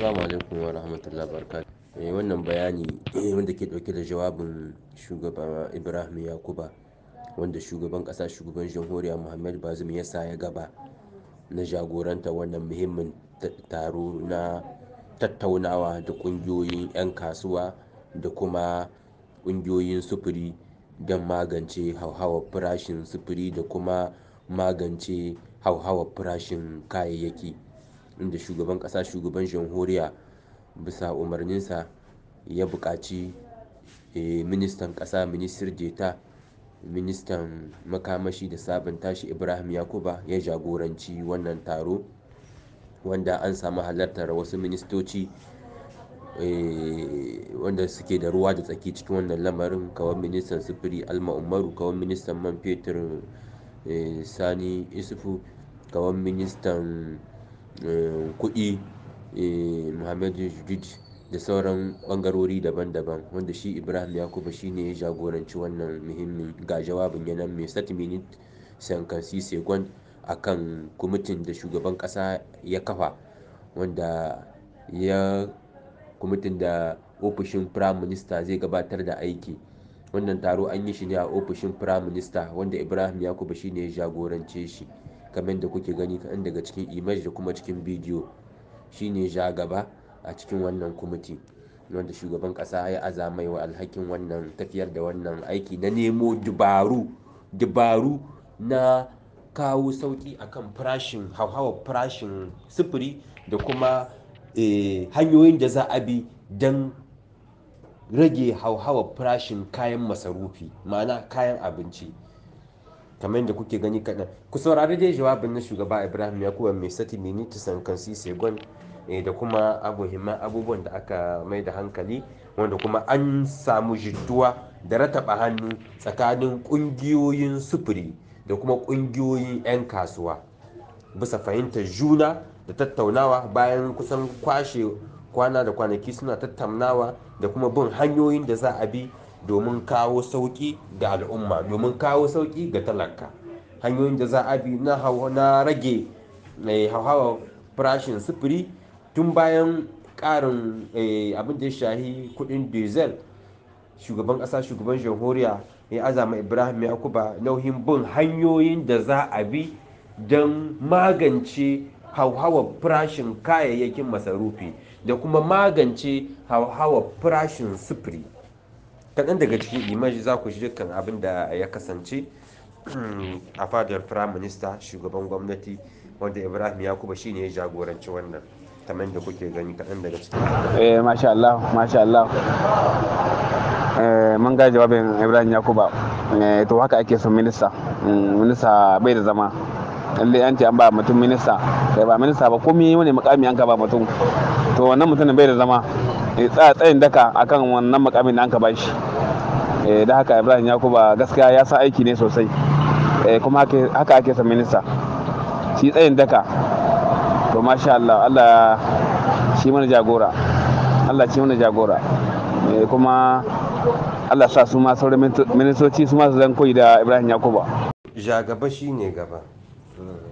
Assalamu alaikum wa rahmatullahi wa eh, wannan bayani eh, wanda ke ɗauke da jawabin shugaba Ibrahim Yakuba wanda shugaban ƙasa shugaban jamhuriya Muhammad Bazum ya sa ya gaba na jagoranta wannan muhimmin taro na tattaunawa da ƙungiyoyin 'yan kasuwa da kuma ƙungiyoyin sufuri don magance hauhawa farashin sufuri da kuma magance hauhawar farashin kayayyaki. inda shugaban kasa shugaban jamhuriya bisa umarninsa ya bukaci eh, ministan ƙasa ministir jeta ministan makamashi da sabunta shi ibrahim yakuba ya jagoranci wannan taro wanda an samu halartar wasu ministoci eh, wanda suke da ruwa da tsaki cikin wannan lamarin kawai ministan sufuri alma umaru kawai ministan man fetur eh, sani isufu kawai ministan Eh, kuɗi eh, muhammadu judid da sauran ɓangarori daban-daban wanda shi ibrahim yakubu shine ya jagoranci wannan muhimmin ga jawabin yanar mai satminit sankansi segon a kan kwamitin da shugaban ƙasa ya kafa wanda ya kwamitin da ofishin prime minister zai gabatar da aiki wannan taro an yi shi ne a ofishin prime minister wanda ibrahim yakubu shine ya jagorance shi kamar da kuke gani kaɗan daga cikin image da kuma cikin bidiyo shine ja gaba a cikin wannan kwamiti wanda shugaban ƙasa ya aza mai wa alhakin wannan tafiyar da wannan aiki na nemo dubaru dubaru na kawo sauƙi akan farashin hauhawar farashin sufuri da kuma eh, hanyoyin da za a bi don rage hauhawar farashin kayan masarufi ma'ana kayan abinci kamar yadda kuke gani kaɗan ku saurari dai jawabin na shugaba ibrahim yakuba mai sati miniti sankansi segon eh, da kuma abubuwan abubuwan da aka mai da hankali wanda kuma an samu jituwa da rataba hannu tsakanin ƙungiyoyin sufuri da kuma ƙungiyoyin 'yan kasuwa bisa fahimtar juna da tattaunawa bayan kusan kwashe kwana da kwanaki suna tattaunawa da kuma bin hanyoyin da za a bi domin kawo sauƙi ga al'umma domin kawo sauki ga talaka hanyoyin da za a bi na rage hauhawa farashin sufuri tun bayan ƙarin eh, abin da ya shahi kuɗin diesel shugaban ƙasa shugaban jamhuriya ya azama ibrahim yakuba nauhin bin hanyoyin da za a bi don magance hauhawa farashin kayayyakin masarufi da kuma magance hauhawa farashin sufuri kaɗan daga cikin imaj za ku ji dukkan abin da ya kasance a fadar firayim minista shugaban gwamnati wanda ibrahim yakuba shine ya jagoranci wannan kamar da kuke gani kaɗan daga cikin eh masha Allah masha Allah eh, mun ga jawabin ibrahim yakuba eh, to haka ake son minista mm, minista bai da zama lalle an ce an ba mutum minista kai ba minista ba komai wani mukami an ka ba mutum to wannan mutumin bai da zama Eh, tsayin daka akan wannan makamin da an ka bashi eh, da haka ibrahim yakuba gaskiya ya sa aiki ne sosai eh, kuma haka ake sa minista shi tsayin daka to masha Allah Allah shi mana jagora Allah shi mana jagora kuma Allah sa su ma sauran ministoci su ma su zan koyi da ibrahim yakuba jagaba shi ne gaba